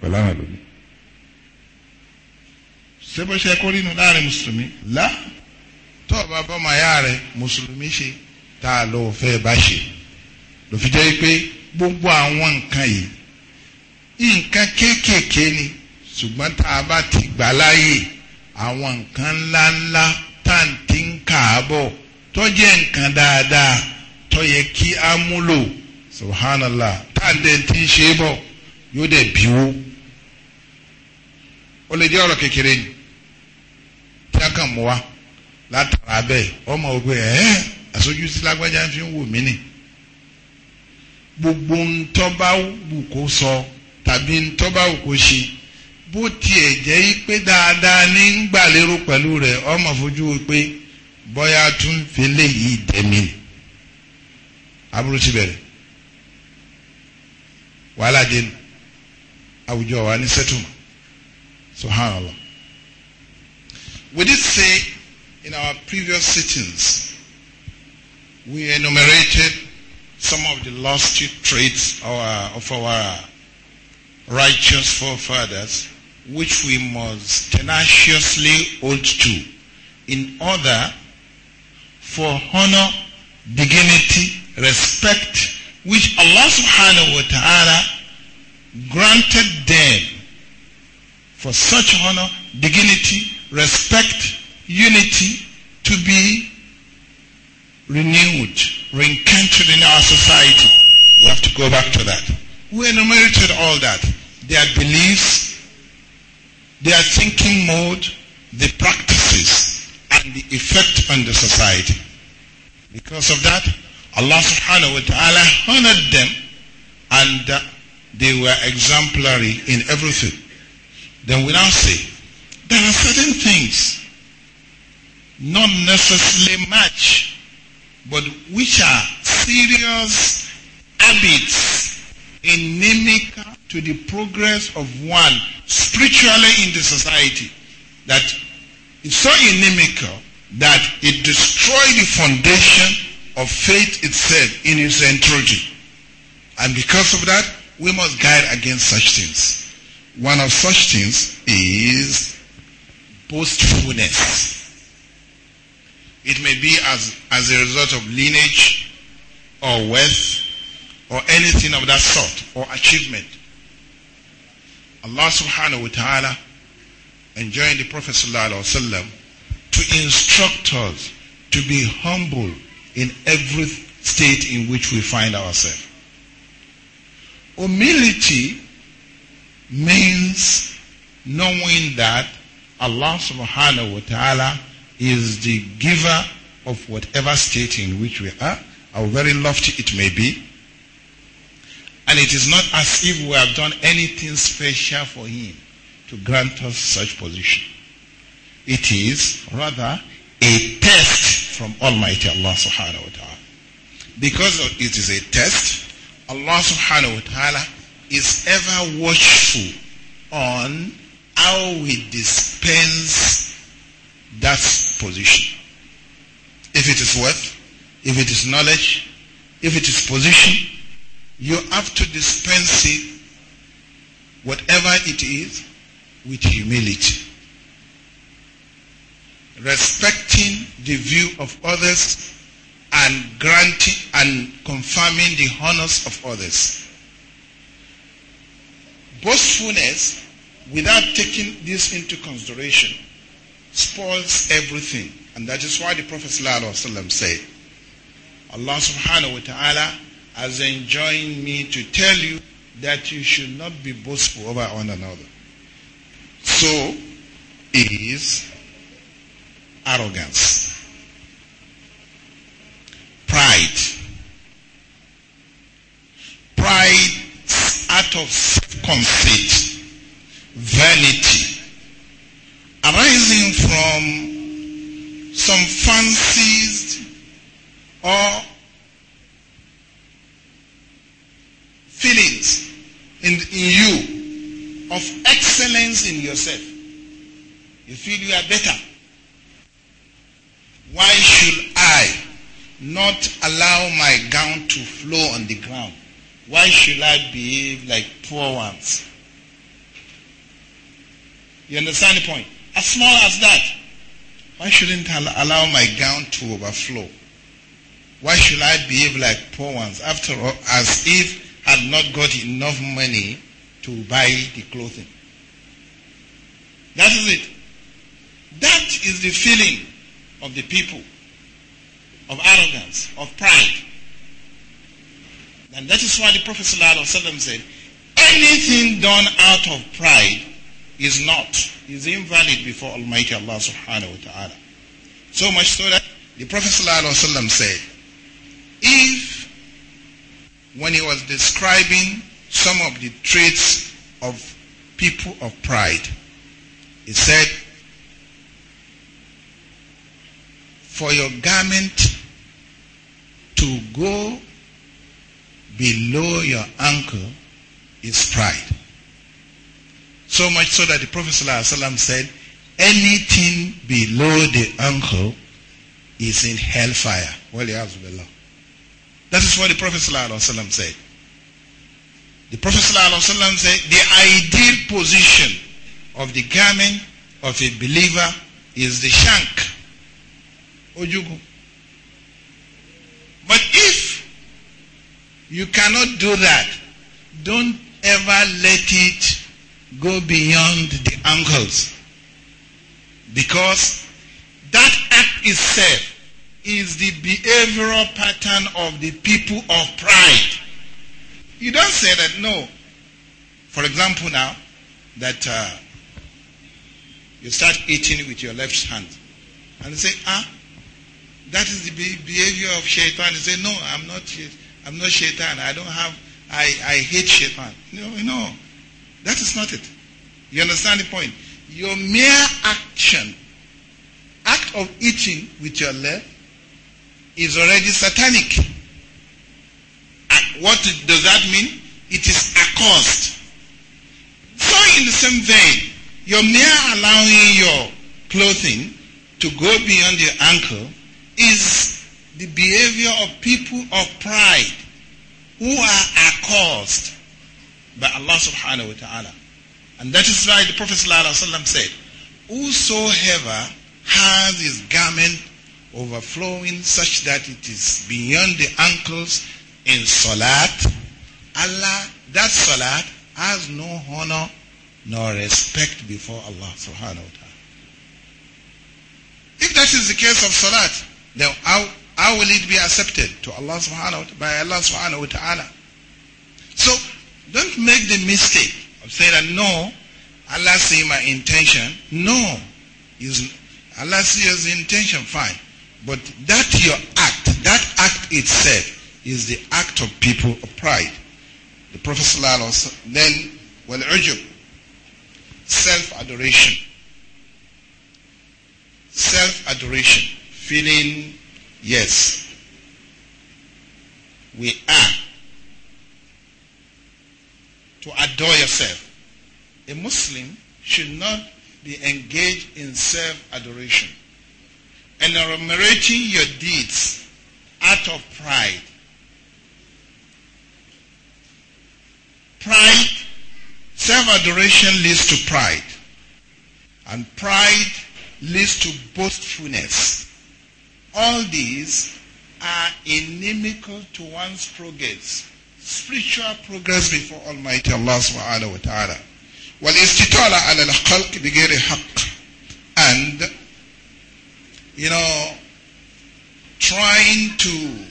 pẹ̀lú àwọn ìlú. ṣé bó ṣe kó nínú láàrin mùsùlùmí lá tó o bá bọ́mọ ayá rẹ mùsùlùmí ṣe tá a lọ fẹ́ bá ṣe ló fi jẹ́ pé gbogbo àwọn nǹkan yìí nǹkan kéékèèké ni ṣùgbọ́n tá a bá ti gbà láàyè àwọn nǹkan ńláńlá tá à ń ti ń kà á bọ̀ tó jẹ́ nǹkan dáadáa tó yẹ kí á múlò subhanallah tá à ń dẹ̀ ti ń ṣe bọ̀. yóò dẹ̀ bíwó ó lè jẹ́ ọ̀rọ̀ kékeré ni tí a kàn mú wa látara bẹ́ẹ̀ ọmọ ògbé ẹ̀ àsojú sí lágbájá fi ń wò mí gbogbo ntọ́ba wù kó sọ tàbí ntọ́ba wù kó ṣe bó tiẹ̀ jẹ́ pé dáadáa ní ń gbàlérò pẹ̀lú rẹ̀ ọmọ fojú wo pé bọ́yá tún fi léyìí dẹ̀mí ni aburú ti bẹ̀rẹ̀ wàhálà dé nu àwùjọ wa ní sẹ́tùmọ̀ subhanallah we did say in our previous sittings we enumerated some of the lost traits our, of our righteous forefathers which we must tenaciously hold to in order for honor, dignity, respect which Allah subhanahu wa ta'ala granted them for such honor, dignity, respect, unity to be renewed, reencountered in our society. We have to go back to that. We enumerated all that. Their beliefs, their thinking mode, the practices, and the effect on the society. Because of that, Allah subhanahu wa ta'ala honored them and uh, they were exemplary in everything. Then we now say, there are certain things not necessarily much, but which are serious habits inimical to the progress of one spiritually in the society that is so inimical that it destroys the foundation of faith itself in its entirety. And because of that, we must guard against such things. One of such things is boastfulness. It may be as, as a result of lineage or wealth or anything of that sort or achievement. Allah subhanahu wa ta'ala enjoined the Prophet sallallahu alaihi wasallam to instruct us to be humble in every state in which we find ourselves. Humility means knowing that Allah subhanahu wa ta'ala is the giver of whatever state in which we are, how very lofty it may be. And it is not as if we have done anything special for him to grant us such position. It is rather a test from Almighty Allah subhanahu wa ta'ala. Because it is a test, Allah subhanahu wa ta'ala is ever watchful on how we dispense that position. If it is wealth, if it is knowledge, if it is position, you have to dispense it, whatever it is, with humility. Respecting the view of others and granting and confirming the honors of others. Boastfulness, without taking this into consideration, spoils everything. And that is why the Prophet said, Allah subhanahu wa ta'ala has enjoined me to tell you that you should not be boastful over one another. So is arrogance. Pride. Pride out of conceit, vanity, arising from some fancies or feelings in, in you of excellence in yourself. You feel you are better on the ground. Why should I behave like poor ones? You understand the point? As small as that. Why shouldn't I allow my gown to overflow? Why should I behave like poor ones? After all, as if I had not got enough money to buy the clothing. That is it. That is the feeling of the people of arrogance, of pride. And that is why the Prophet ﷺ said, anything done out of pride is not, is invalid before Almighty Allah subhanahu wa ta'ala. So much so that the Prophet ﷺ said, if when he was describing some of the traits of people of pride, he said, for your garment to go below your ankle is pride. So much so that the Prophet said, anything below the ankle is in hellfire. Well, That is what the Prophet said. The Prophet said, the ideal position of the garment of a believer is the shank. Ojugu. But if You cannot do that. Don't ever let it go beyond the ankles. Because that act itself is the behavioral pattern of the people of pride. You don't say that, no. For example, now that uh, you start eating with your left hand, and you say, ah, that is the behavior of shaitan. You say, no, I'm not shaitan. I'm not shaitan. I don't have, I, I hate shaitan. No, no. That is not it. You understand the point? Your mere action, act of eating with your left, is already satanic. And what does that mean? It is accursed. So, in the same vein, your mere allowing your clothing to go beyond your ankle is the behavior of people of pride who are accursed by Allah subhanahu wa ta'ala. And that is why the Prophet said, Whosoever has his garment overflowing such that it is beyond the ankles in salat, Allah, that salat has no honor nor respect before Allah subhanahu wa ta'ala. If that is the case of salat, then how how will it be accepted? To Allah subhanahu wa by Allah subhanahu wa ta'ala. So don't make the mistake of saying that no, Allah see my intention. No. Allah sees your intention, fine. But that your act, that act itself is the act of people of pride. The Prophet ﷺ, then well ujub self-adoration. Self-adoration, feeling Yes. We are to adore yourself. A Muslim should not be engaged in self-adoration. and Enumerating your deeds out of pride. Pride, self-adoration leads to pride. And pride leads to boastfulness. All these are inimical to one's progress, spiritual progress before Almighty Allah subhanahu wa ta'ala. والاستطالة على الخلق بغير حق and you know trying to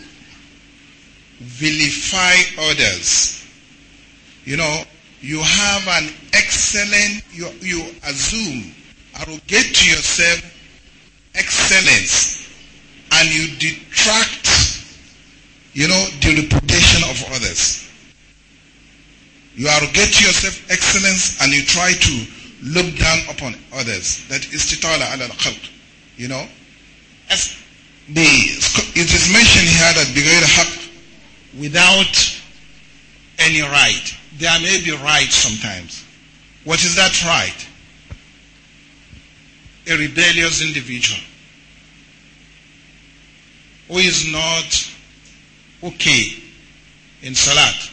vilify others you know you have an excellent you, you assume arrogate to yourself excellence and you detract, you know, the reputation of others. You arrogate yourself excellence and you try to look down upon others. That is titala ala al-khalq. You know? As the, it is mentioned here that بغير حق without any right. There may be right sometimes. What is that right? A rebellious individual who is not okay in salat,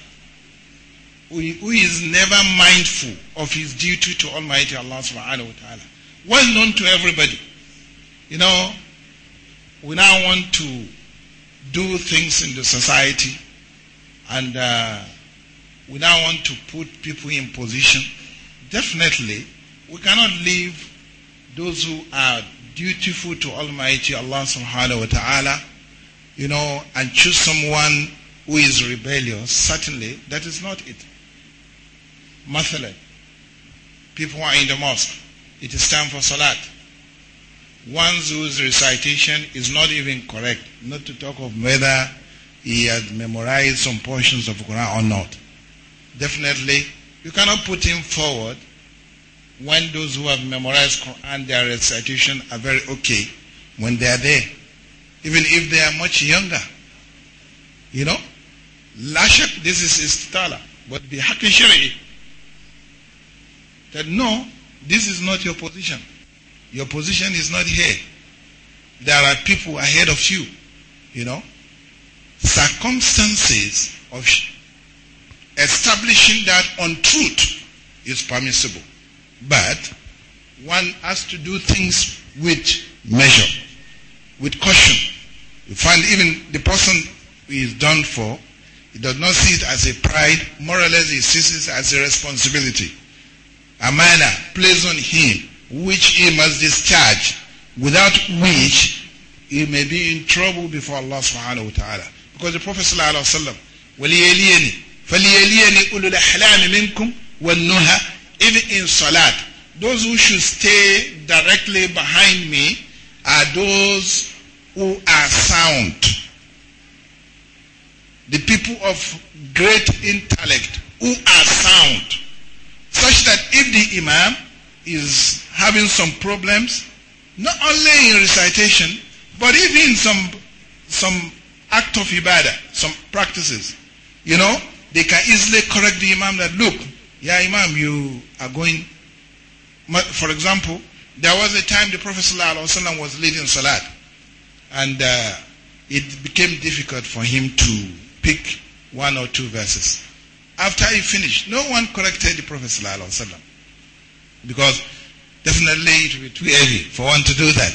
who is never mindful of his duty to Almighty Allah subhanahu wa ta'ala. Well known to everybody. You know, we now want to do things in the society and uh, we now want to put people in position. Definitely, we cannot leave those who are dutiful to Almighty Allah subhanahu wa ta'ala you know, and choose someone who is rebellious, certainly that is not it. Mathalan, people are in the mosque, it is time for salat. One whose recitation is not even correct, not to talk of whether he has memorized some portions of Quran or not. Definitely, you cannot put him forward when those who have memorized Quran, their recitation are very okay when they are there even if they are much younger. You know? La this is istitala, but the bihaqi shari'i. That no, this is not your position. Your position is not here. There are people ahead of you. You know? Circumstances of establishing that on truth is permissible. But one has to do things with measure, with caution. You find even the person who is done for, he does not see it as a pride. More or less, he sees it as a responsibility. A minor placed on him, which he must discharge, without which he may be in trouble before Allah subhanahu wa ta'ala. Because the Prophet sallallahu alaihi wasallam, وَلِيَلِيَنِ فَلِيَلِيَنِ أُولُو الْأَحْلَامِ مِنْكُمْ وَالنُّهَى Even in salat, those who should stay directly behind me are those who are sound. The people of great intellect who are sound. Such that if the imam is having some problems, not only in recitation, but even in some, some act of ibadah, some practices, you know, they can easily correct the imam that, look, yeah, imam, you are going. For example, there was a time the Prophet ﷺ was leading salat. and uh, it became difficult for him to pick one or two verses. After he finished, no one corrected the Prophet ﷺ because definitely it would be too heavy for one to do that.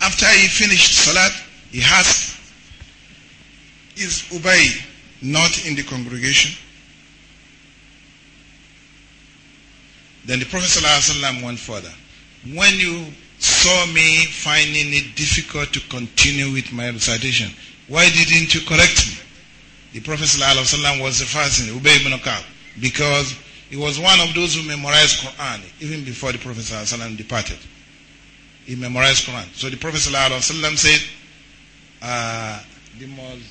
After he finished Salat, he asked, Is Ubay not in the congregation? Then the Prophet ﷺ went further. When you saw me finding it difficult to continue with my recitation. Why didn't you correct me? The Prophet ﷺ was the first in Ubay ibn Ka'b because he was one of those who memorized Quran even before the Prophet ﷺ departed. He memorized Quran. So the Prophet ﷺ said, uh, the most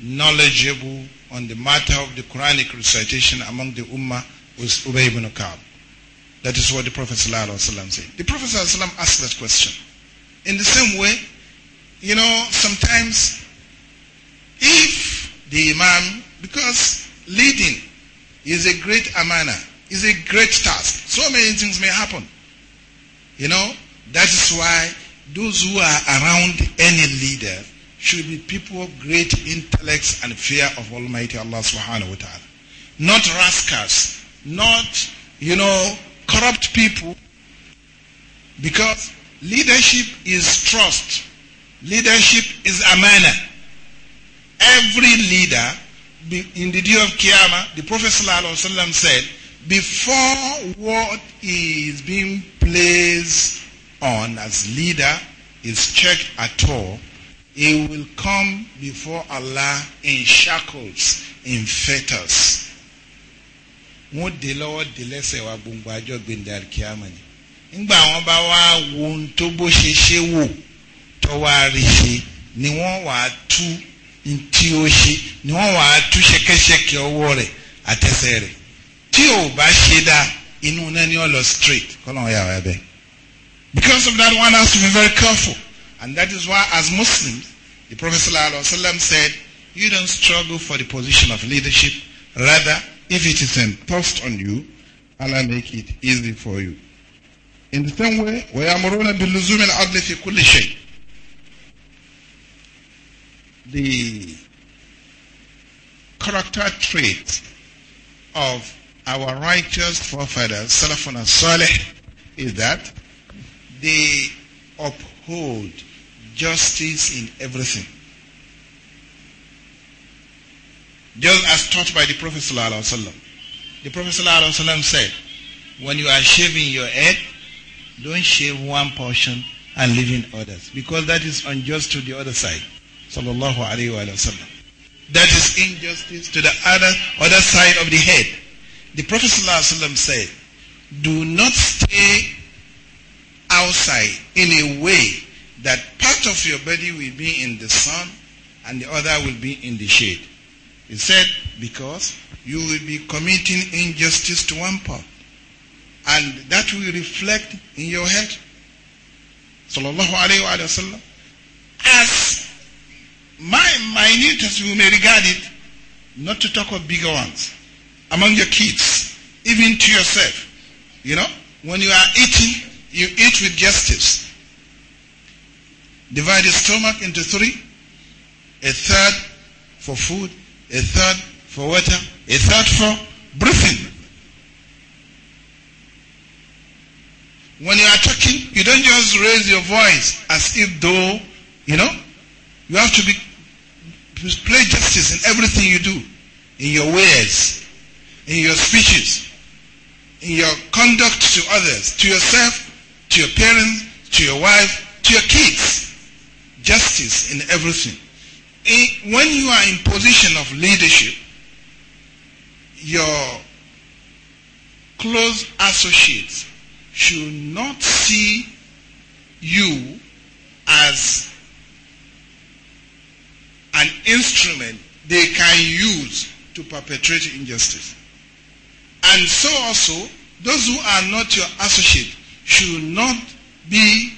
knowledgeable on the matter of the Quranic recitation among the Ummah was Ubay ibn Ka'b. That is what the Prophet said. The Prophet asked that question. In the same way, you know, sometimes if the Imam, because leading is a great amana, is a great task. So many things may happen. You know, that is why those who are around any leader should be people of great intellects and fear of Almighty Allah subhanahu wa ta'ala. Not rascals, not, you know, corrupt people because leadership is trust. Leadership is a manner. Every leader in the day of Qiyamah, the Prophet ﷺ said, before what is being placed on as leader is checked at all, he will come before Allah in shackles, in fetters wọ́n dé lọ́wọ́ dé lẹ́sẹ̀ wa gbogbo àjọ gbendal kíámà ni ńgbà wọ́n bá wá wo ohun tó bó ṣe ṣe wò tó wá rí ṣe ni wọ́n wà á tú tí ó ṣe ni wọ́n wà á tú ṣẹkẹ́ṣẹkẹ́ ọwọ́ rẹ̀ àtẹsẹ̀ rẹ̀ tí ò bá ṣe dáa inú náà ni ó lọ straight kọ́lọ́n yà wá bẹ́ẹ̀. Because of that one has to be very careful and that is why as Muslims the Prophet sallallahu alaihi wasallam said you don't struggle for the position of leadership rather if it is imposed on you, Allah make it easy for you. In the same way, are بِاللُّزُومِ الْعَدْلِ فِي كُلِّ شَيْءٍ The character trait of our righteous forefathers, Salafun and Saleh, is that they uphold justice in everything. Just as taught by the Prophet Wasallam, The Prophet Wasallam said, when you are shaving your head, don't shave one portion and leave in others, because that is unjust to the other side. Sallallahu alayhi wa sallam. That is injustice to the other, other side of the head. The Prophet Wasallam said, do not stay outside in a way that part of your body will be in the sun and the other will be in the shade. He said, because you will be committing injustice to one part. And that will reflect in your head. Sallallahu alayhi wa, alayhi As my minute as you may regard it, not to talk of bigger ones. Among your kids, even to yourself. You know, when you are eating, you eat with justice. Divide your stomach into three. A third for food, a third for water, a third for breathing. When you are talking, you don't just raise your voice as if though, you know, you have to be play justice in everything you do, in your words, in your speeches, in your conduct to others, to yourself, to your parents, to your wife, to your kids. Justice in everything. when you are in position of leadership, your close associates should not see you as an instrument they can use to perpetrate injustice. And so also, those who are not your associate should not be,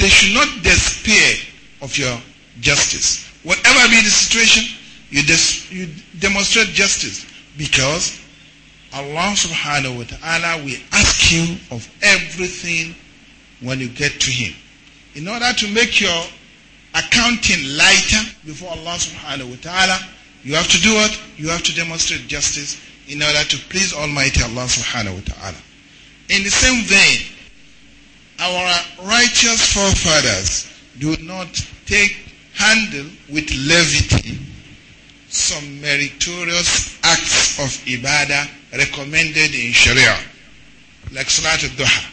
they should not despair of your justice. Whatever be the situation, you, you demonstrate justice because Allah subhanahu wa ta'ala will ask you of everything when you get to Him. In order to make your accounting lighter before Allah subhanahu wa ta'ala, you have to do what? You have to demonstrate justice in order to please Almighty Allah subhanahu wa ta'ala. In the same vein, our righteous forefathers do not take handle with levity some meritorious acts of ibadah recommended in Sharia, like Salat al-Duha.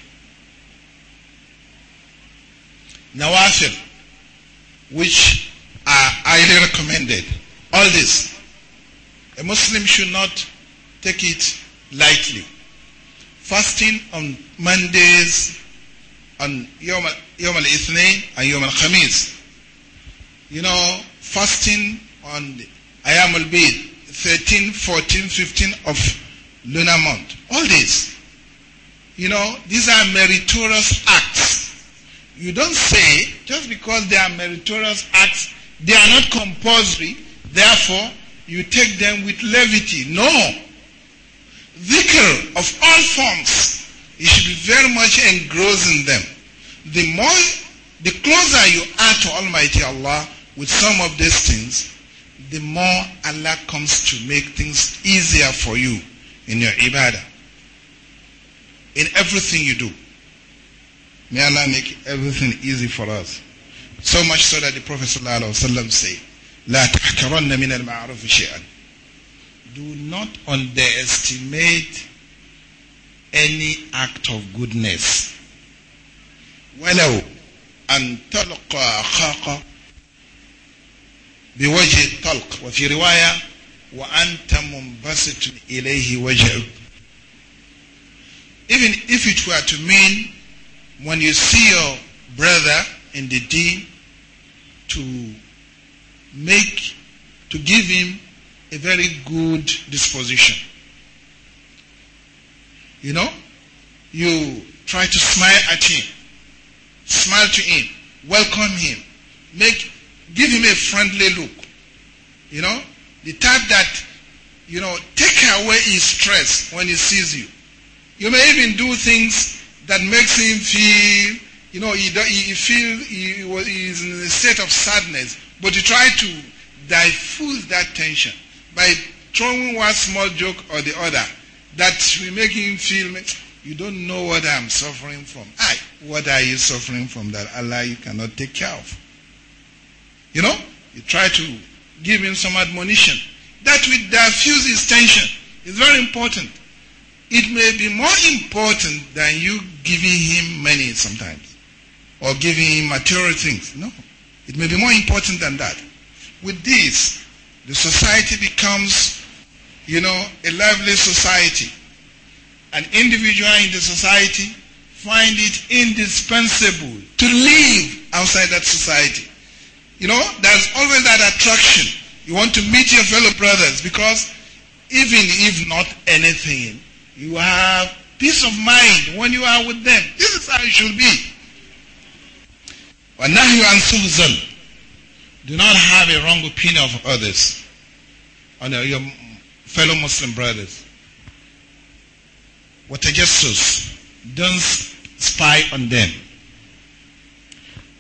Nawafil, which are highly recommended. All this, a Muslim should not take it lightly. Fasting on Mondays, on Yom al-Ithnain and Yom al-Khamis, you know, fasting on Ayamul Bayt, 13, 14, 15 of lunar month. All this. You know, these are meritorious acts. You don't say, just because they are meritorious acts, they are not compulsory, therefore you take them with levity. No. Dhikr of all forms, you should be very much engrossed in them. The more, the closer you are to Almighty Allah, with some of these things, the more Allah comes to make things easier for you in your ibadah. In everything you do. May Allah make everything easy for us. So much so that the Prophet ﷺ said, لا تحكرن Do not underestimate any act of goodness. ولو أن تلقى بوجه الطلق وفي رواية وأنت منبسط إليه وجهك even if it were to mean when you see your brother in the deen to make to give him a very good disposition you know you try to smile at him smile to him welcome him make give him a friendly look. You know, the type that, you know, take away his stress when he sees you. You may even do things that makes him feel, you know, he, he feel he, was is in a state of sadness, but you try to diffuse that tension by throwing one small joke or the other that will make him feel, you don't know what I'm suffering from. I, what are you suffering from that Allah you cannot take care of? You know, you try to give him some admonition. That will diffuse his tension. It's very important. It may be more important than you giving him money sometimes or giving him material things. No. It may be more important than that. With this, the society becomes, you know, a lively society. An individual in the society find it indispensable to live outside that society. You know, there's always that attraction. You want to meet your fellow brothers because even if not anything, you have peace of mind when you are with them. This is how it should be. وَنَهْيُ عَنْ سُوزًا Do not have a wrong opinion of others, on oh, your fellow Muslim brothers. What وَتَجَسُّس Don't spy on them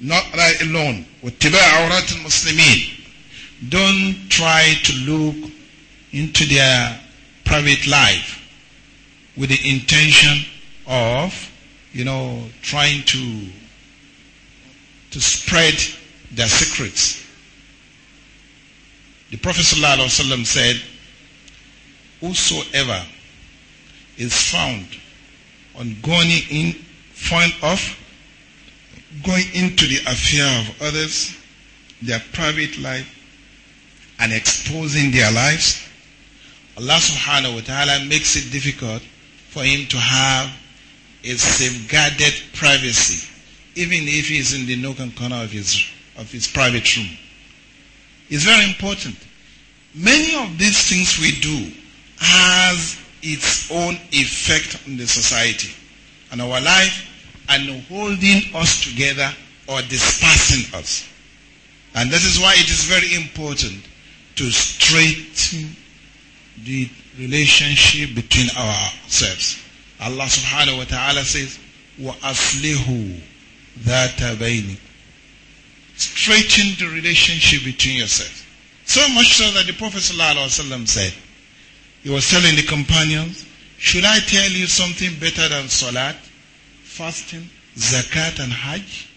not lie alone واتباع al Muslimin, don't try to look into their private life with the intention of you know trying to to spread their secrets the prophet ﷺ said whosoever is found on going in front of going into the affair of others, their private life, and exposing their lives, Allah subhanahu wa ta'ala makes it difficult for him to have a safeguarded privacy, even if he is in the nook and corner of his, of his private room. It's very important. Many of these things we do has its own effect on the society and our life and holding us together or dispersing us. And that is why it is very important to straighten the relationship between ourselves. Allah subhanahu wa ta'ala says, وَأَصْلِهُ ذَاتَ بَيْنِكُمْ Straighten the relationship between yourselves. So much so that the Prophet said, he was telling the companions, should I tell you something better than salat? fasting, zakat, and hajj?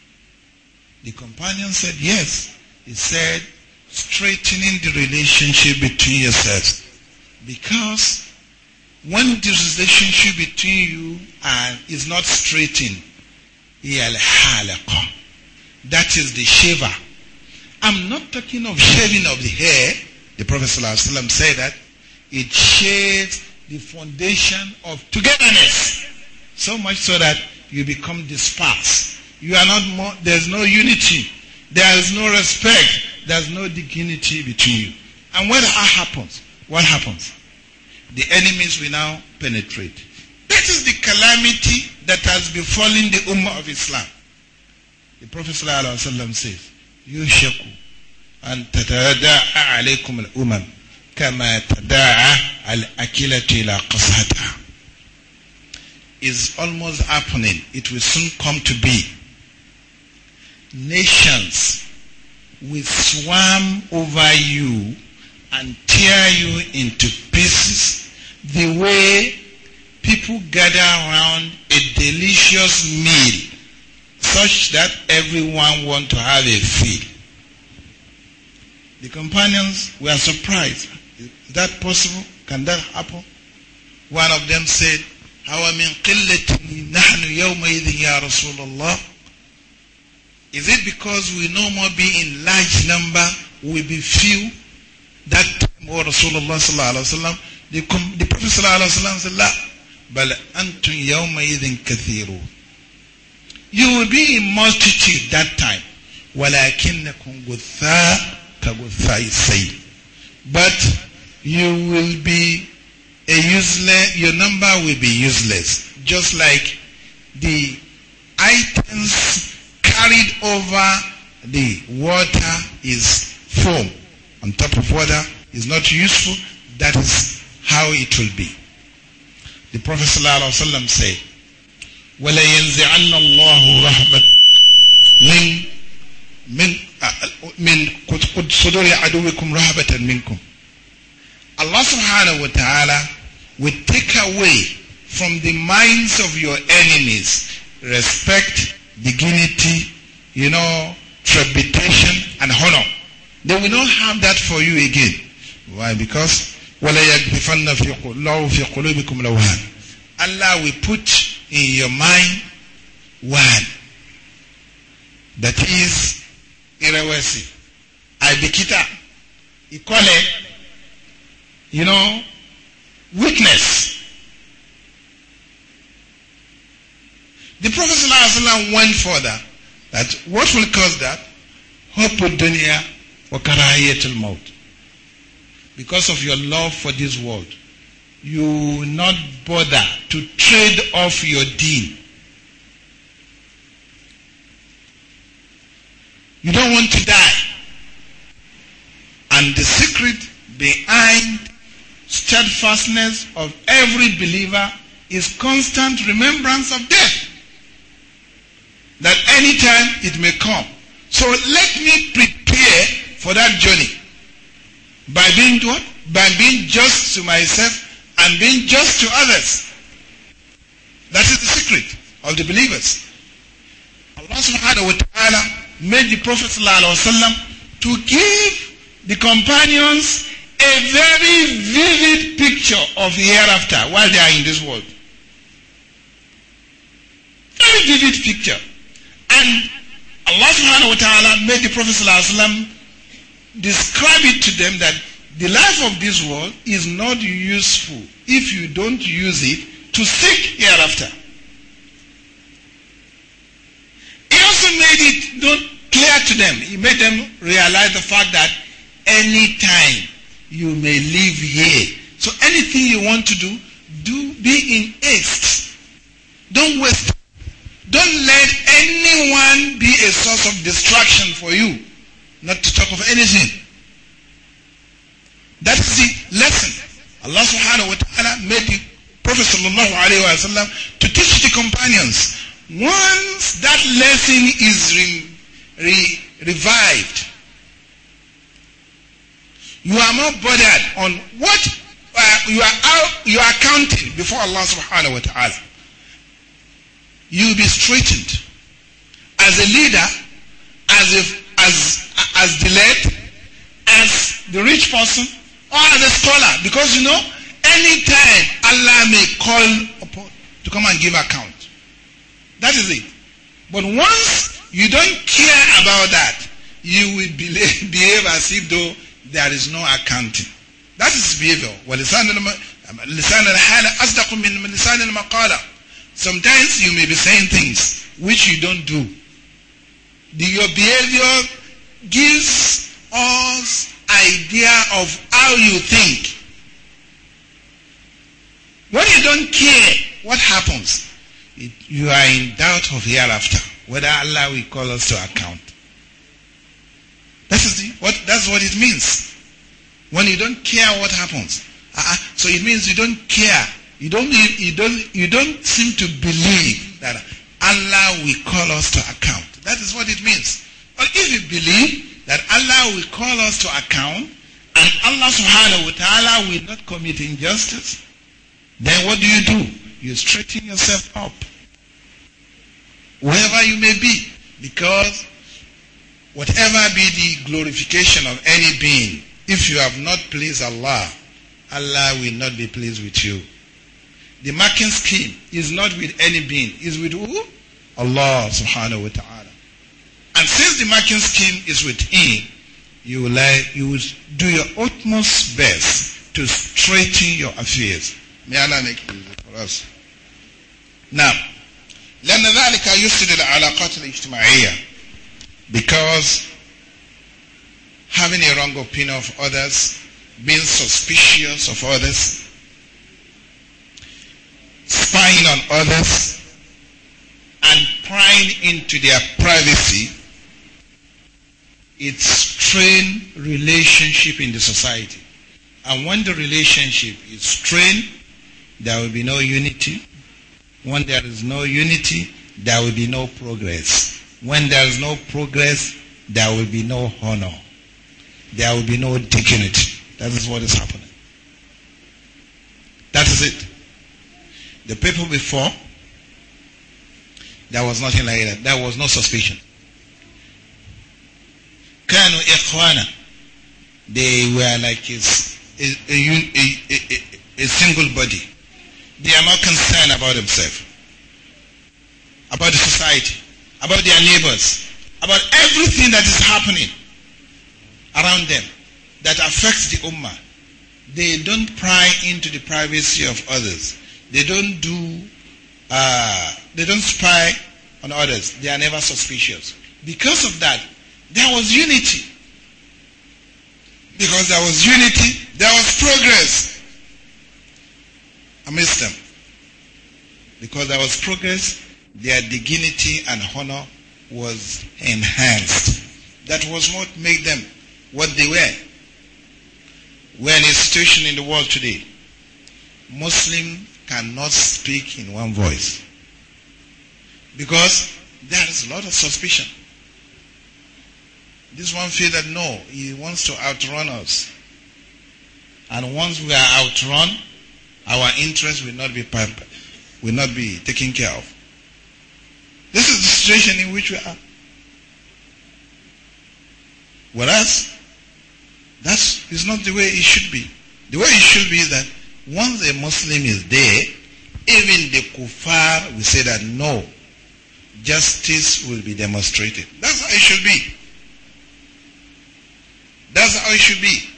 The companion said, Yes. He said, Straightening the relationship between yourselves. Because when the relationship between you and is not straightened, that is the shaver. I'm not talking of shaving of the hair. The Prophet said that it shaves the foundation of togetherness. So much so that you become dispersed. You are not more, there's no unity. There is no respect. There's no dignity between you. And when that happens, what happens? The enemies will now penetrate. That is the calamity that has befallen the Ummah of Islam. The Prophet ﷺ says, يُشَكُ أَن تَتَدَاعَ عَلَيْكُمُ الْأُمَمِ كَمَا al الْأَكِلَةُ إِلَى قَصْهَتَهَا is almost happening. It will soon come to be. Nations will swarm over you and tear you into pieces the way people gather around a delicious meal such that everyone wants to have a feed. The companions were surprised. Is that possible? Can that happen? One of them said, أو من قلة نحن يومئذ يا رسول الله Is it because we no more be in large number, we be few? That time, oh, رسول الله صلى الله عليه وسلم the Prophet صلى الله عليه وسلم said, لا بل أنتم يومئذ كثيرون. You will be in multitude that time. ولكنكم غثاء كغثاء السيل. But you will be a useless, your number will be useless. Just like the items carried over the water is foam on top of water is not useful. That is how it will be. The Prophet ﷺ said, وَلَيَنْزِعَنَّ اللَّهُ رَحْمَةً مِنْ من من صدور عدوكم kum." منكم Subhanahu wa Ta'ala. We take away from the minds of your enemies respect, dignity, you know, trepidation, and honor. They will not have that for you again. Why? Because Allah will put in your mind one that is irreversible. Ibikita, Ikole, you know, witness. The Prophet ﷺ went further that what will cause that? Hope dunya wa karahiyatul maut. Because of your love for this world, you will not bother to trade off your deen. You don't want to die. And the secret behind steadfastness of every believer is constant remembrance of death. That anytime it may come. So let me prepare for that journey. By being what? By being just to myself and being just to others. That is the secret of the believers. Allah subhanahu wa ta'ala made the Prophet sallallahu to give the companions a very vivid picture of the hereafter while they are in this world. Very vivid picture. And Allah subhanahu wa ta'ala made the Prophet describe it to them that the life of this world is not useful if you don't use it to seek hereafter. He also made it clear to them. He made them realize the fact that any time you may live here. So anything you want to do, do be in haste. Don't waste. Don't let anyone be a source of distraction for you. Not to talk of anything. That is the lesson. Allah subhanahu wa ta'ala made the Prophet sallallahu alayhi wa sallam to teach the companions. Once that lesson is re, re, revived, you are more bothered on what uh, you are out, you are counting before Allah subhanahu wa ta'ala. You will be straightened as a leader, as if as as the led, as the rich person, or as a scholar, because you know, anytime Allah may call upon to come and give account. That is it. But once you don't care about that, you will behave as if though there is no accounting. That is behavior. ولسان الحال أصدق من لسان المقالة. Sometimes you may be saying things which you don't do. Your behavior gives us idea of how you think. When you don't care, what happens? It, you are in doubt of hereafter, whether Allah will call us to account. This is the, what, that's what it means. When you don't care what happens. Uh-uh. So it means you don't care. You don't, you, you, don't, you don't seem to believe that Allah will call us to account. That is what it means. But if you believe that Allah will call us to account and Allah subhanahu wa ta'ala will not commit injustice, then what do you do? You straighten yourself up. Wherever you may be. Because Whatever be the glorification of any being, if you have not pleased Allah, Allah will not be pleased with you. The marking scheme is not with any being, is with who? Allah subhanahu wa ta'ala. And since the marking scheme is with him, you will, you will do your utmost best to straighten your affairs. May Allah make it easy for us. Now, لأن ذلك يفسد العلاقات الاجتماعية because having a wrong opinion of others, being suspicious of others, spying on others, and prying into their privacy, it strain relationship in the society. And when the relationship is strained, there will be no unity. When there is no unity, there will be no progress. When there is no progress, there will be no honor. There will be no dignity. That is what is happening. That is it. The people before, there was nothing like that. There was no suspicion. كانوا إخوانا they were like a, a, a, a, single body. They are not concerned about themselves, about the society. about their neighbors, about everything that is happening around them that affects the ummah. They don't pry into the privacy of others. They don't do, uh, they don't spy on others. They are never suspicious. Because of that, there was unity. Because there was unity, there was progress amidst them. Because there was progress, their dignity and honor was enhanced. That was what made them what they were. We're in a situation in the world today. Muslims cannot speak in one voice. Because there is a lot of suspicion. This one feels that no, he wants to outrun us. And once we are outrun, our interests will not be will not be taken care of. This is the situation in which we are. Whereas, that is not the way it should be. The way it should be is that once a Muslim is there, even the kuffar will say that no, justice will be demonstrated. That's how it should be. That's how it should be.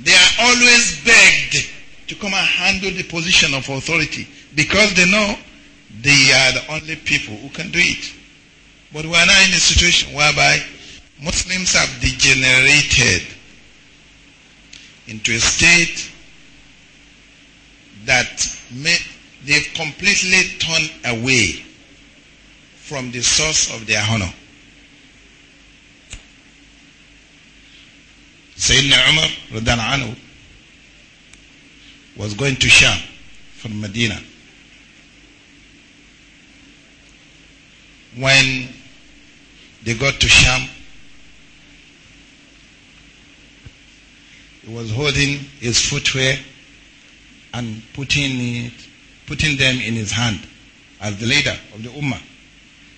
They are always begged to come and handle the position of authority because they know They are the only people who can do it. But we are now in a situation whereby Muslims have degenerated into a state that may, they've completely turned away from the source of their honor. Sayyidina Umar anhu, was going to Sham from Medina. when they got to Sham, he was holding his footwear and putting it, putting them in his hand as the leader of the Ummah.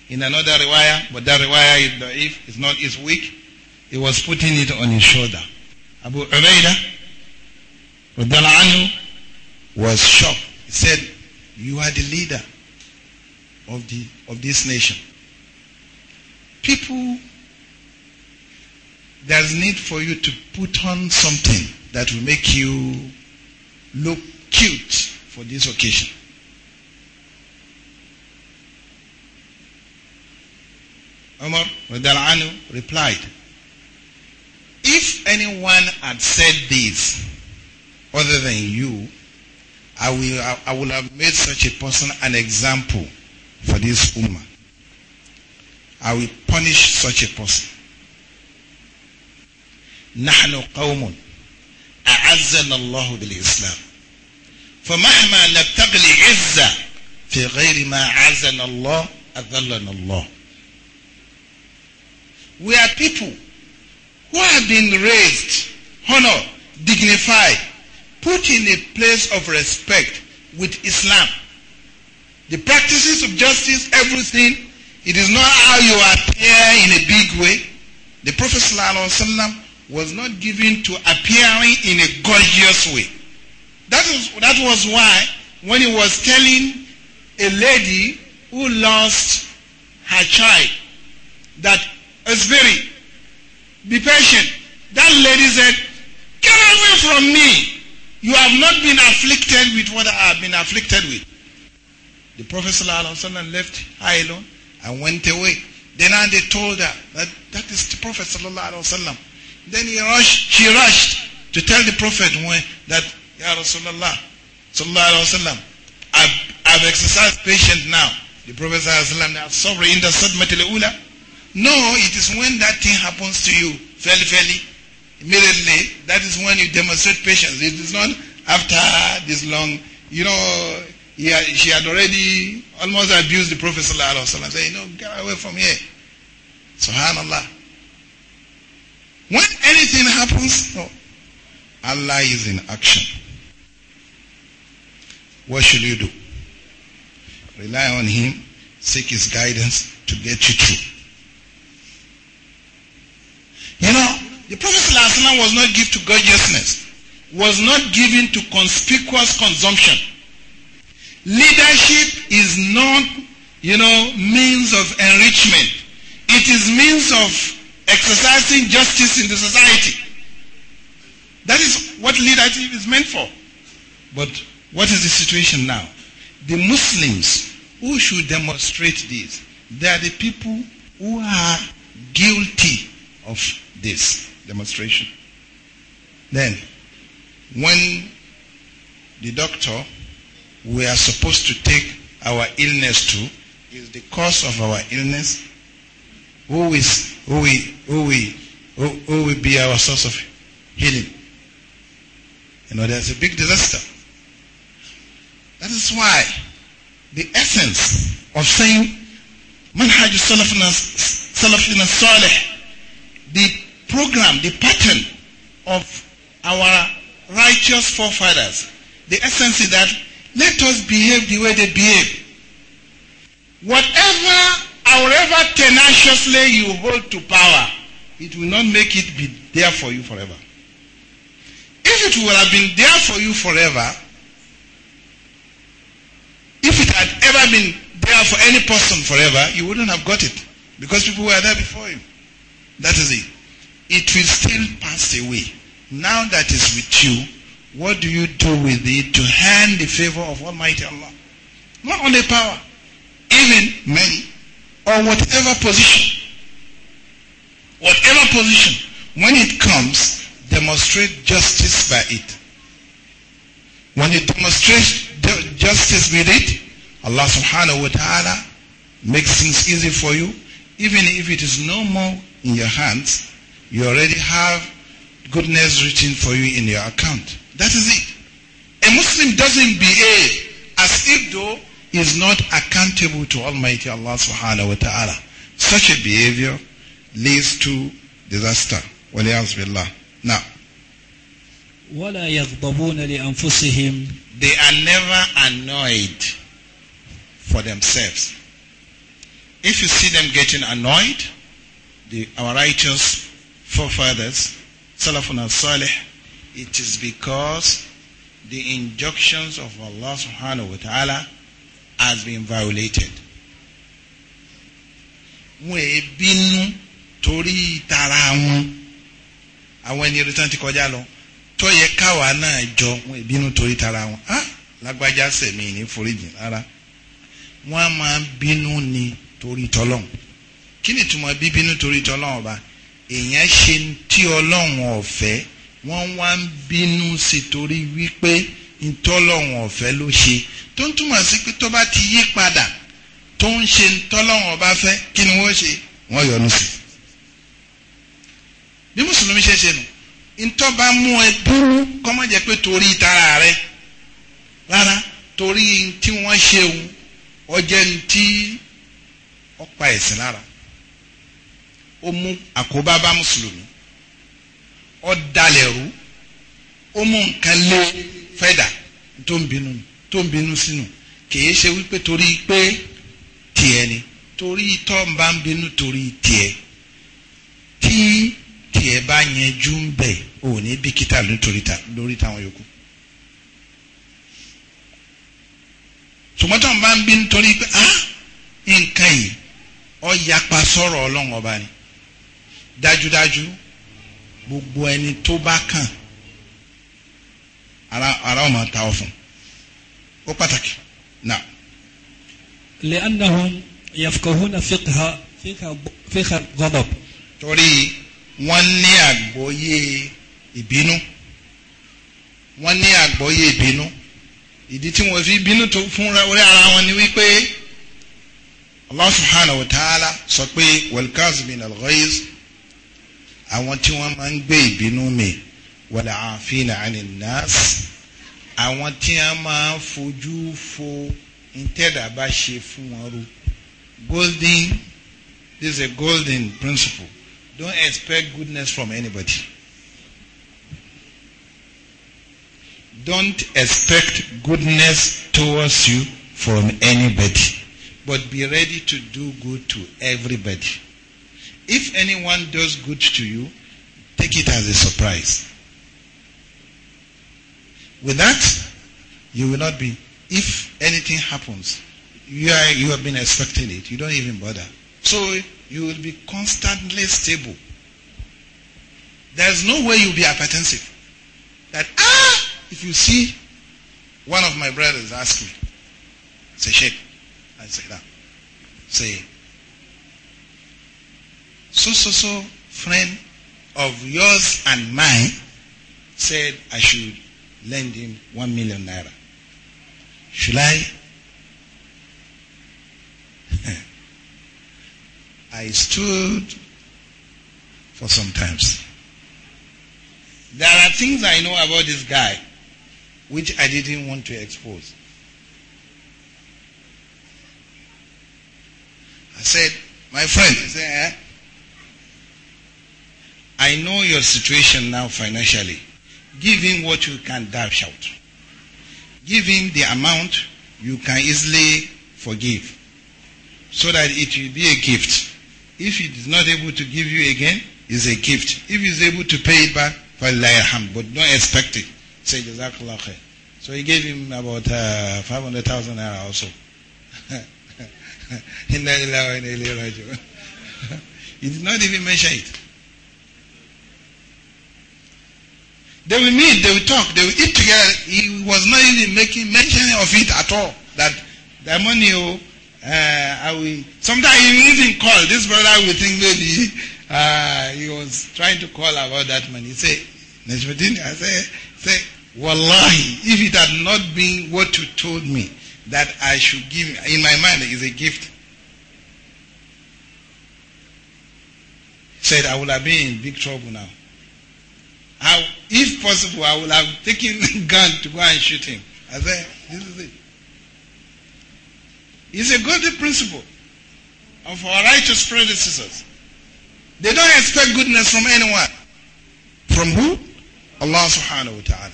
In another riwayah, but that riwayah is da'if, it's not, it's weak, he was putting it on his shoulder. Abu Ubaidah, Anu was shocked. He said, you are the leader of, the, of this nation. People, there's need for you to put on something that will make you look cute for this occasion. Omar Anu replied, If anyone had said this other than you, I will, I will have made such a person an example for this woman, I will punish such a person. نحن قوم أعزنا الله بالإسلام فمهما نبتغي العزة في غير ما عزنا الله أذلنا الله We are people who have been raised, honored, dignified, put in a place of respect with Islam. The practices of justice, everything, it is not how you appear in a big way. The Prophet ﷺ was not given to appearing in a gorgeous way. That, is, that was why when he was telling a lady who lost her child that Asbiri, be patient. That lady said, Get away from me. You have not been afflicted with what I have been afflicted with. The Prophet ﷺ left Ailon and went away. Then and they told her that that is the Prophet ﷺ. Then he rushed, she rushed to tell the Prophet when, that, Ya Rasulullah sallallahu I've, I've exercised patience now. The Prophet sallallahu alayhi sorry, in the ula. No, it is when that thing happens to you, fairly, fairly, immediately, that is when you demonstrate patience. It is not after this long, you know, He had, she had already almost abused the Prophet sallallahu alaihi wasallam. Saying, "No, get away from here." Subhanallah. When anything happens, no, Allah is in action. What should you do? Rely on Him, seek His guidance to get you through. You know, the Prophet ﷺ was not given to godlessness, was not given to conspicuous consumption. Leadership is not, you know, means of enrichment. It is means of exercising justice in the society. That is what leadership is meant for. But what is the situation now? The Muslims who should demonstrate this, they are the people who are guilty of this demonstration. Then, when the doctor we are supposed to take our illness to is the cause of our illness who is who will who we who, will be our source of healing you know there's a big disaster that is why the essence of saying manhaj salafina salafina salih the program the pattern of our righteous forefathers the essence is that let us behave the way they behave. Whatever, however tenaciously you hold to power, it will not make it be there for you forever. If it would have been there for you forever, if it had ever been there for any person forever, you wouldn't have got it because people were there before you. That is it. It will still pass away. Now that is with you, What do you do with it to hand the favor of Almighty Allah? Not only power, even money, or whatever position. Whatever position, when it comes, demonstrate justice by it. When you demonstrate justice with it, Allah subhanahu wa ta'ala makes things easy for you. Even if it is no more in your hands, you already have goodness written for you in your account. That is it. A Muslim doesn't behave as if though he is not accountable to Almighty Allah subhanahu wa ta'ala. Such a behavior leads to disaster. Billah. Now. ولا يغضبون لأنفسهم They are never annoyed for themselves. If you see them getting annoyed, the, our righteous forefathers, Salafun al-Salih, It is because the injunctions of Allah subhanahu wa ta'ala has been violated. Wọ́n è bínú torí tara wọn. Àwọn ẹni retán ti kọjá lọ. Tó yẹ káwa náà jọ wọ́n è bínú torí tara wọn. Á lágbájá sẹ̀mí ní foríjì rárá. Wọ́n á máa bínú ni torí tọ́lọ́hún. Kí ni ìtumọ̀ bíbínú torí tọ́lọ́hún ọba? Èèyàn ṣe tí ọlọ́hún ọ̀fẹ́ wọ́n wá ń bínú sí torí wípé ntọ́lọ́wọ̀n ọ̀fẹ́ ló ṣe tó ń túmọ̀ sí pé tó bá ti yí padà tó ń ṣe ntọ́lọ́wọ̀n ọba fẹ́ kí ni wọ́n ṣe wọ́n yọnu sí. bí mùsùlùmí ṣe ṣe nù ntọ́ba mú ẹ dúró kọ́mọ́ jẹ́ pé torí tara rẹ rárá torí tí wọ́n ṣe òun ọjẹ́ ntí ọ̀pá ẹ̀sìn lára ó mú àkóbá bá mùsùlùmí ọ̀dàlẹ̀ rú ó mú nǹkan lé fẹ́dà tó ń bínú tó ń bínú sínú kìí ṣe wípé torí pé tiẹ̀ ni torí tó ń bá ń bínú torí tiẹ̀ tí tiẹ̀ bá yanjú ń bẹ̀ ò ní bìkítà lórí táwọn yòókù. ṣùgbọ́n ń bá ń bínú torí pé ah nǹkan yìí ó yapa sọ̀rọ̀ ọlọ́run ọba ni dájúdájú gbogbo ẹni tó bá kàn ara ara ọmọ ta ọ fún ó pàtàkì na. li'annahum yafqahuna fiqha fiqha fiqha ghadab. torí wọ́n ní àgbọ́yé ìbínú wọ́n ní àgbọ́yé ìbínú ìdí tí wọ́n fi bínú tó fún orí ara wọn ni wípé Allah subhanahu wa ta'ala sọ pé wal kazimin al ghayz àwọn tí wọ́n máa ń gbé ìbínú mì wàlẹ̀ àfihàn ànínáàs àwọn tí wọ́n máa ń fojú fo ntẹ́dà bá ṣe fún wọn ru golden this is a golden principle don't expect goodness from anybody don't expect goodness towards you from anybody but be ready to do good to everybody. If anyone does good to you, take it as a surprise. With that, you will not be, if anything happens, you, are, you have been expecting it. You don't even bother. So you will be constantly stable. There's no way you'll be apprehensive. That, ah, if you see one of my brothers ask me, say, shake, I say that. Say, so so so friend of yours and mine said I should lend him one million naira. Should I? I stood for some times. There are things I know about this guy which I didn't want to expose. I said, my friend, I said, eh? I know your situation now financially. Give him what you can dash out. Give him the amount you can easily forgive so that it will be a gift. If he is not able to give you again, it's a gift. If he is able to pay it back, but don't expect it. Say Jazakallah khair. So he gave him about uh, 500,000 naira also. he did not even mention it. They will meet, they will talk, they will eat together. He was not even making mention of it at all. That the money, oh, uh, I will. Sometimes he even call. This brother will think maybe uh, he was trying to call about that money. He say, Najmuddin, I say, say, Wallahi, if it had not been what you told me that I should give, in my mind, is a gift. Said, I would have been in big trouble now. I, if possible, I would have taken a gun to go and shoot him. I said, this is it. It's a good principle of our righteous predecessors. They don't expect goodness from anyone. From who? Allah subhanahu wa ta'ala.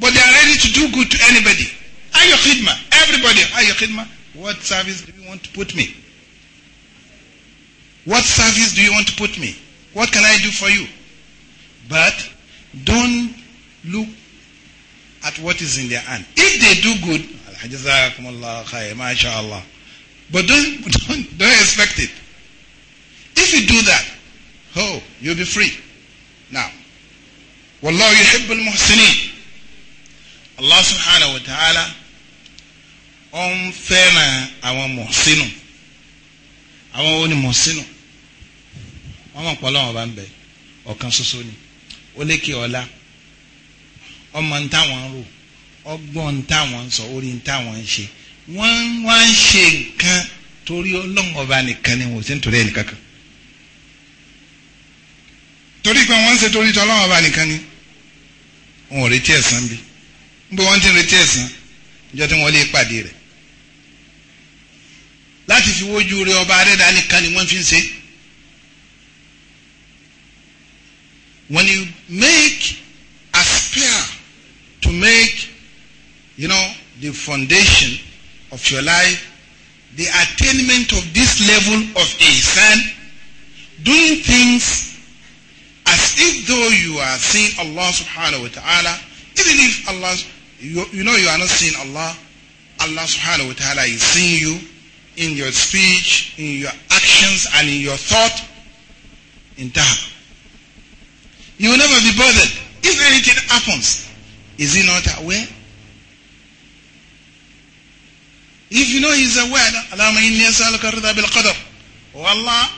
But they are ready to do good to anybody. Ayo khidma. Everybody, ayo khidma. What service do you want to put me? What service do you want to put me? What can I do for you? But Don't look at what is in their hand. If they do good, Jazakumullah khair, mashallah. But don't, don't, don't expect it. If you do that, oh, you'll be free. Now, Wallahu yuhibbul muhsinin. Allah subhanahu wa ta'ala on fẹ́ràn àwọn muhsinu. Àwọn wo ni muhsinu? Wọ́n mọ̀ pọ̀ lọ́wọ́ bá ń bẹ̀. Ọ̀kan ṣoṣo ni olékè ọlá ọmọ ń táwọn ń rò ọgbọ́n ń táwọn ń sọ orí ń táwọn ń ṣe wọ́n wá ń ṣe nǹkan torí ọlọ́run ọba nìkan ni wọ́n sì ń torí ẹnì kankan torí pé wọ́n ń ṣe torí ọlọ́run ọba nìkan ni wọn ò retí ẹ̀san bí níbo wọ́n ti ń retí ẹ̀san níjọ́ tí wọ́n lè pàdé rẹ̀ láti fi wójú rẹ̀ ọba adẹ́dá nìkan ni wọ́n fi ń ṣe é. when you make aspire to make you know the foundation of your life the attainment of this level of ihsan doing things as if though you are seeing Allah subhanahu wa ta'ala even if Allah you, you know you are not seeing Allah Allah subhanahu wa ta'ala is seeing you in your speech in your actions and in your thought In that. You will never be bothered. If anything happens, is he not aware? If you know he's aware, Allahumma inni as'aluka rida bil qadr. Oh Allah,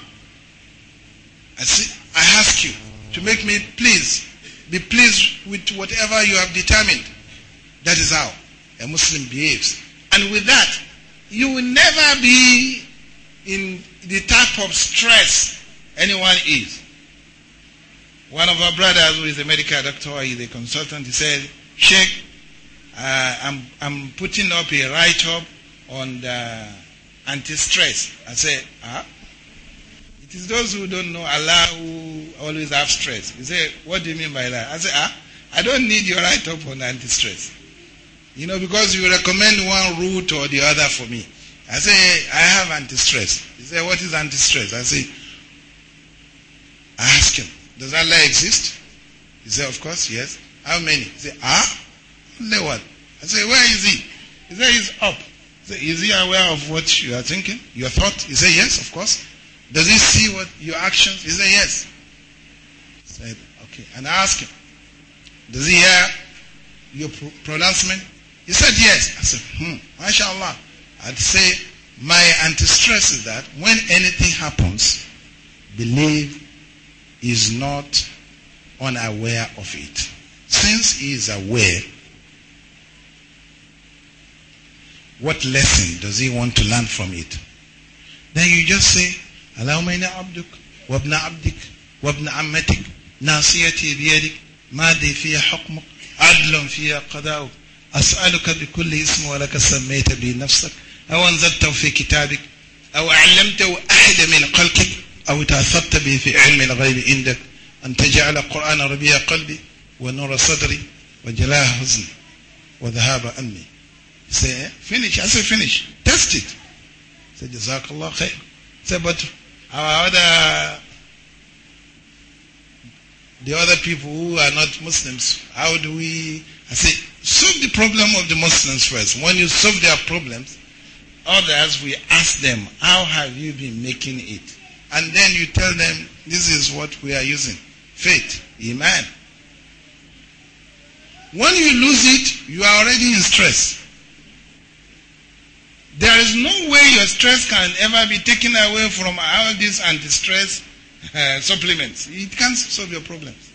I, see, I ask you to make me pleased, be pleased with whatever you have determined. That is how a Muslim behaves. And with that, you will never be in the type of stress anyone is. One of our brothers who is a medical doctor, he's a consultant, he said, Sheikh, uh, I'm, I'm putting up a write-up on the anti-stress. I said, ah? It is those who don't know Allah who always have stress. He said, what do you mean by that? I said, ah, I don't need your write-up on anti-stress. You know, because you recommend one route or the other for me. I say, I have anti-stress. He said, what is anti-stress? I say, ask him. Does Allah exist? He said, Of course, yes. How many? He said, Ah? Only one. I said, Where is he? He said, He's up. He said, Is he aware of what you are thinking? Your thought? He said, Yes, of course. Does he see what your actions? He said, Yes. He said, Okay. And I asked him, Does he hear your pronouncement? He said, Yes. I said, Hmm, mashallah. I'd say, My anti stress is that when anything happens, believe is not unaware of it. Since he is aware, what lesson does he want to learn from it? Then you just say, Allahumma inna abduk, wabna abdik, wabna ammatik, nasiyati biyadik, madi fiya hukmuk, adlun fiya qada'uk, أسألك بكل اسم ولك سميت به نفسك أو أنزلته في كتابك أو علمته أحد من خلقك أو تأثرت به في علم الغيب عندك أن تجعل القرآن ربيع قلبي ونور صدري وجلاء حزني وذهاب أمي say eh? finish I say finish test it say جزاك الله خير. say but our other the other people who are not Muslims how do we I say solve the problem of the Muslims first when you solve their problems others we ask them how have you been making it and then you tell them this is what we are using faith iman when you lose it you are already in stress there is no way your stress can ever be taken away from all these anti-stress uh, supplements it can't solve your problems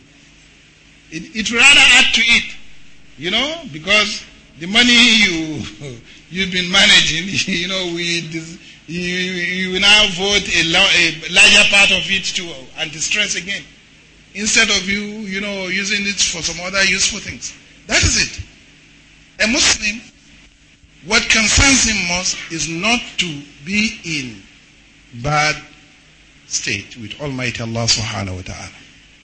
it, it will rather add to it you know because the money you you've been managing you know with this. You, you will now vote a, a larger part of it to uh, and distress again, instead of you, you know, using it for some other useful things. That is it. A Muslim, what concerns him most is not to be in bad state with Almighty Allah subhanahu wa ta'ala.